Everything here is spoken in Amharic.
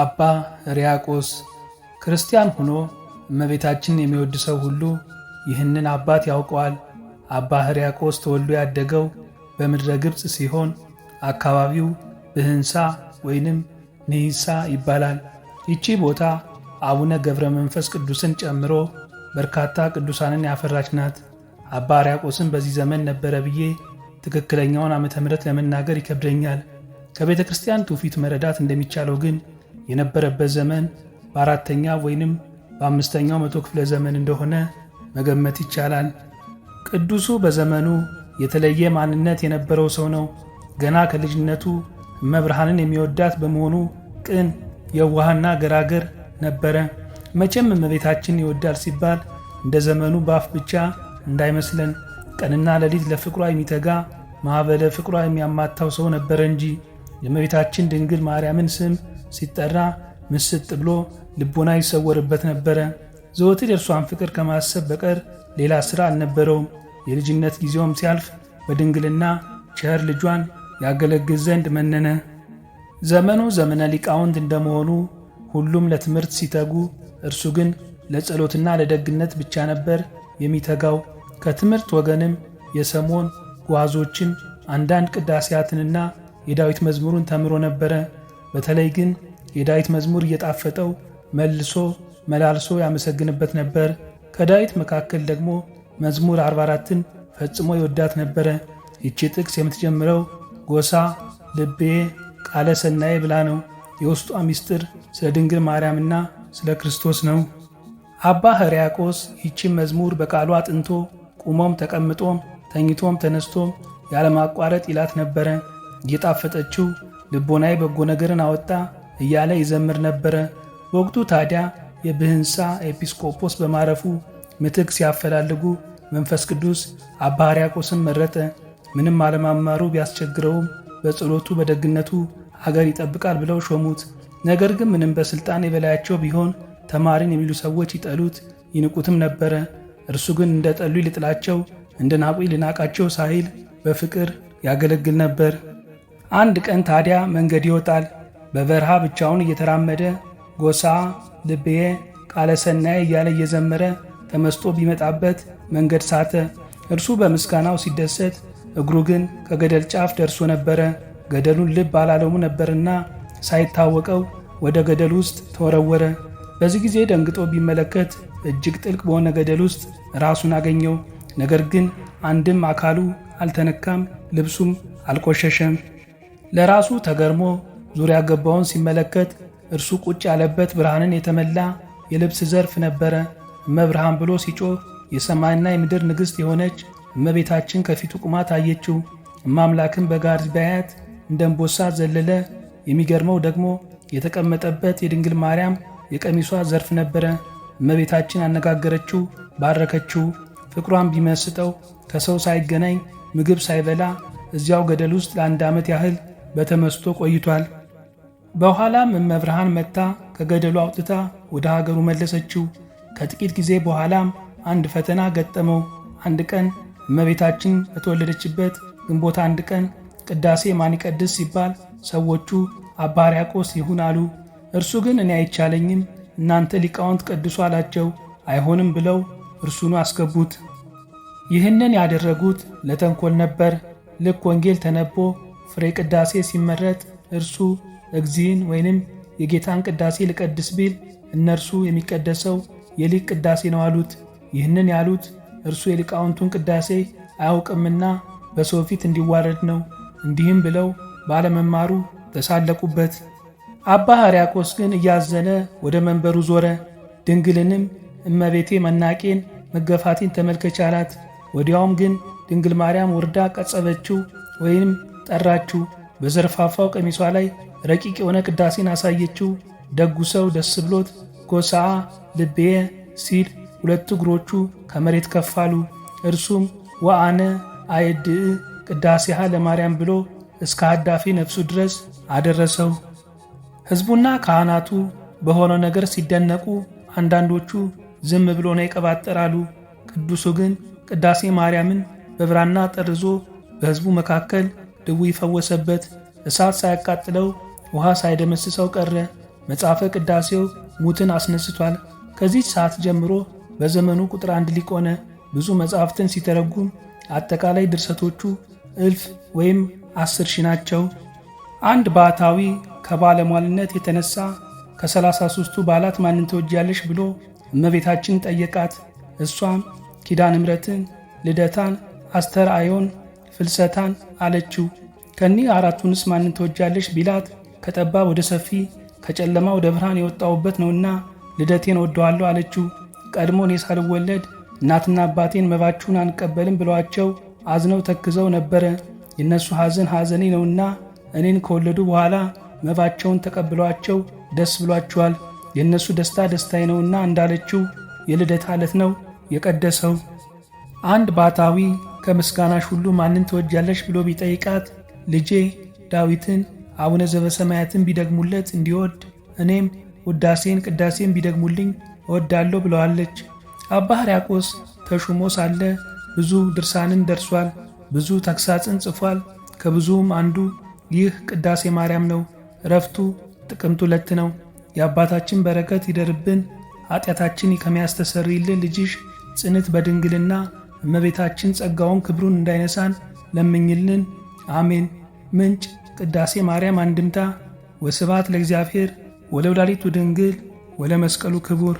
አባ ሪያቆስ ክርስቲያን ሆኖ እመቤታችን የሚወድ ሰው ሁሉ ይህንን አባት ያውቀዋል። አባ ሕርያቆስ ተወልዶ ያደገው በምድረ ግብፅ ሲሆን አካባቢው ብህንሳ ወይንም ንሂሳ ይባላል። ይቺ ቦታ አቡነ ገብረ መንፈስ ቅዱስን ጨምሮ በርካታ ቅዱሳንን ያፈራች ናት። አባ ሕርያቆስን በዚህ ዘመን ነበረ ብዬ ትክክለኛውን ዓመተ ምሕረት ለመናገር ይከብደኛል። ከቤተ ክርስቲያን ትውፊት መረዳት እንደሚቻለው ግን የነበረበት ዘመን በአራተኛ ወይንም በአምስተኛው መቶ ክፍለ ዘመን እንደሆነ መገመት ይቻላል። ቅዱሱ በዘመኑ የተለየ ማንነት የነበረው ሰው ነው። ገና ከልጅነቱ እመብርሃንን የሚወዳት በመሆኑ ቅን፣ የዋህና ገራገር ነበረ። መቼም እመቤታችን ይወዳል ሲባል እንደ ዘመኑ ባፍ ብቻ እንዳይመስለን ቀንና ሌሊት ለፍቅሯ የሚተጋ ማዕበለ ፍቅሯ የሚያማታው ሰው ነበረ እንጂ የእመቤታችን ድንግል ማርያምን ስም ሲጠራ ምስጥ ብሎ ልቦና ይሰወርበት ነበረ። ዘወትር የእርሷን ፍቅር ከማሰብ በቀር ሌላ ሥራ አልነበረውም። የልጅነት ጊዜውም ሲያልፍ በድንግልና ቸር ልጇን ያገለግል ዘንድ መነነ። ዘመኑ ዘመነ ሊቃውንት እንደመሆኑ ሁሉም ለትምህርት ሲተጉ፣ እርሱ ግን ለጸሎትና ለደግነት ብቻ ነበር የሚተጋው። ከትምህርት ወገንም የሰሞን ጓዞችን አንዳንድ ቅዳሴያትንና የዳዊት መዝሙሩን ተምሮ ነበረ። በተለይ ግን የዳዊት መዝሙር እየጣፈጠው መልሶ መላልሶ ያመሰግንበት ነበር። ከዳዊት መካከል ደግሞ መዝሙር 44ን ፈጽሞ ይወዳት ነበረ። ይቺ ጥቅስ የምትጀምረው ጎሳ ልቤ ቃለ ሰናዬ ብላ ነው። የውስጧ ምስጢር ስለ ድንግል ማርያምና ስለ ክርስቶስ ነው። አባ ሕርያቆስ ይቺን መዝሙር በቃሉ አጥንቶ ቁሞም ተቀምጦም ተኝቶም ተነስቶም ያለማቋረጥ ይላት ነበረ። እየጣፈጠችው ልቦናዬ በጎ ነገርን አወጣ እያለ ይዘምር ነበረ። በወቅቱ ታዲያ የብህንሳ ኤጲስቆጶስ በማረፉ ምትክ ሲያፈላልጉ መንፈስ ቅዱስ አባ ሕርያቆስን መረጠ። ምንም አለማማሩ ቢያስቸግረውም በጸሎቱ በደግነቱ አገር ይጠብቃል ብለው ሾሙት። ነገር ግን ምንም በሥልጣን የበላያቸው ቢሆን ተማሪን የሚሉ ሰዎች ይጠሉት ይንቁትም ነበረ። እርሱ ግን እንደ ጠሉ ልጥላቸው እንደ ናቁ ልናቃቸው ሳይል በፍቅር ያገለግል ነበር። አንድ ቀን ታዲያ መንገድ ይወጣል። በበረሃ ብቻውን እየተራመደ ጎሳ ልቤ ቃለ ሰናይ እያለ እየዘመረ ተመስጦ ቢመጣበት መንገድ ሳተ። እርሱ በምስጋናው ሲደሰት፣ እግሩ ግን ከገደል ጫፍ ደርሶ ነበረ። ገደሉን ልብ አላለሙ ነበርና ሳይታወቀው ወደ ገደል ውስጥ ተወረወረ። በዚህ ጊዜ ደንግጦ ቢመለከት እጅግ ጥልቅ በሆነ ገደል ውስጥ ራሱን አገኘው። ነገር ግን አንድም አካሉ አልተነካም፣ ልብሱም አልቆሸሸም። ለራሱ ተገርሞ ዙሪያ ገባውን ሲመለከት እርሱ ቁጭ ያለበት ብርሃንን የተመላ የልብስ ዘርፍ ነበረ። እመብርሃን ብሎ ሲጮህ የሰማይና የምድር ንግሥት የሆነች እመቤታችን ከፊቱ ቁማ ታየችው። እማምላክን በጋር ቢያያት እንደ እምቦሳ ዘለለ። የሚገርመው ደግሞ የተቀመጠበት የድንግል ማርያም የቀሚሷ ዘርፍ ነበረ። እመቤታችን አነጋገረችው፣ ባረከችው። ፍቅሯን ቢመስጠው ከሰው ሳይገናኝ ምግብ ሳይበላ እዚያው ገደል ውስጥ ለአንድ ዓመት ያህል በተመስጦ ቆይቷል። በኋላም እመብርሃን መጥታ ከገደሉ አውጥታ ወደ ሀገሩ መለሰችው። ከጥቂት ጊዜ በኋላም አንድ ፈተና ገጠመው። አንድ ቀን እመቤታችን በተወለደችበት ግንቦት አንድ ቀን ቅዳሴ ማን ይቀድስ ሲባል ሰዎቹ አባ ሕርያቆስ ይሁን አሉ። እርሱ ግን እኔ አይቻለኝም፣ እናንተ ሊቃውንት ቀድሱ አላቸው። አይሆንም ብለው እርሱኑ አስገቡት። ይህንን ያደረጉት ለተንኮል ነበር። ልክ ወንጌል ተነቦ ፍሬ ቅዳሴ ሲመረጥ እርሱ እግዚእን ወይንም የጌታን ቅዳሴ ልቀድስ ቢል እነርሱ የሚቀደሰው የሊቅ ቅዳሴ ነው አሉት። ይህንን ያሉት እርሱ የሊቃውንቱን ቅዳሴ አያውቅምና በሰው ፊት እንዲዋረድ ነው። እንዲህም ብለው ባለመማሩ ተሳለቁበት። አባ ሕርያቆስ ግን እያዘነ ወደ መንበሩ ዞረ። ድንግልንም እመቤቴ መናቄን መገፋቴን ተመልከች አላት። ወዲያውም ግን ድንግል ማርያም ወርዳ ቀጸበችው ወይም ጠራችው። በዘርፋፋው ቀሚሷ ላይ ረቂቅ የሆነ ቅዳሴን አሳየችው። ደጉ ሰው ደስ ብሎት ጎሳአ ልቤየ ሲል ሁለቱ እግሮቹ ከመሬት ከፍ አሉ። እርሱም ወአነ አየድእ ቅዳሴሃ ለማርያም ብሎ እስከ አዳፊ ነፍሱ ድረስ አደረሰው። ሕዝቡና ካህናቱ በሆነው ነገር ሲደነቁ፣ አንዳንዶቹ ዝም ብሎ ነው ይቀባጠራሉ። ቅዱሱ ግን ቅዳሴ ማርያምን በብራና ጠርዞ በሕዝቡ መካከል ድዊ ፈወሰበት፣ እሳት ሳያቃጥለው ውሃ ሳይደመስሰው ቀረ። መጽሐፈ ቅዳሴው ሙትን አስነስቷል። ከዚህ ሰዓት ጀምሮ በዘመኑ ቁጥር አንድ ሊቅ ሆነ። ብዙ መጽሐፍትን ሲተረጉም አጠቃላይ ድርሰቶቹ እልፍ ወይም አስር ሺህ ናቸው። አንድ ባሕታዊ ከባለሟልነት የተነሳ ከሰላሳ ሦስቱ ባላት ማንን ተወጂያለሽ ብሎ እመቤታችን ጠየቃት። እሷም ኪዳነ ምሕረትን፣ ልደታን፣ አስተርአዮን ፍልሰታን አለችው። ከኒህ አራቱንስ ማንን ትወጃለሽ ቢላት ከጠባብ ወደ ሰፊ ከጨለማ ወደ ብርሃን የወጣውበት ነውና ልደቴን ወደዋለሁ አለችው። ቀድሞ እኔ ሳልወለድ እናትና አባቴን መባችሁን አንቀበልም ብሏቸው አዝነው ተክዘው ነበረ። የእነሱ ሐዘን ሐዘኔ ነውና እኔን ከወለዱ በኋላ መባቸውን ተቀብሏቸው ደስ ብሏቸዋል። የእነሱ ደስታ ደስታዬ ነውና እንዳለችው የልደት ዕለት ነው የቀደሰው። አንድ ባታዊ ከምስጋናሽ ሁሉ ማንን ትወጃለሽ ብሎ ቢጠይቃት ልጄ ዳዊትን አቡነ ዘበሰማያትን ቢደግሙለት እንዲወድ እኔም ውዳሴን ቅዳሴን ቢደግሙልኝ እወዳለሁ ብለዋለች። አባ ሕርያቆስ ተሹሞ ሳለ ብዙ ድርሳንን ደርሷል። ብዙ ተክሳጽን ጽፏል። ከብዙም አንዱ ይህ ቅዳሴ ማርያም ነው። እረፍቱ ጥቅምት ሁለት ነው። የአባታችን በረከት ይደርብን። ኃጢአታችን ከሚያስተሰርይልን ልጅሽ ጽንት በድንግልና እመቤታችን ጸጋውን ክብሩን እንዳይነሳን ለምኝልን። አሜን። ምንጭ ቅዳሴ ማርያም አንድምታ ወስብሐት ለእግዚአብሔር ወለወላዲቱ ድንግል ወለመስቀሉ ክቡር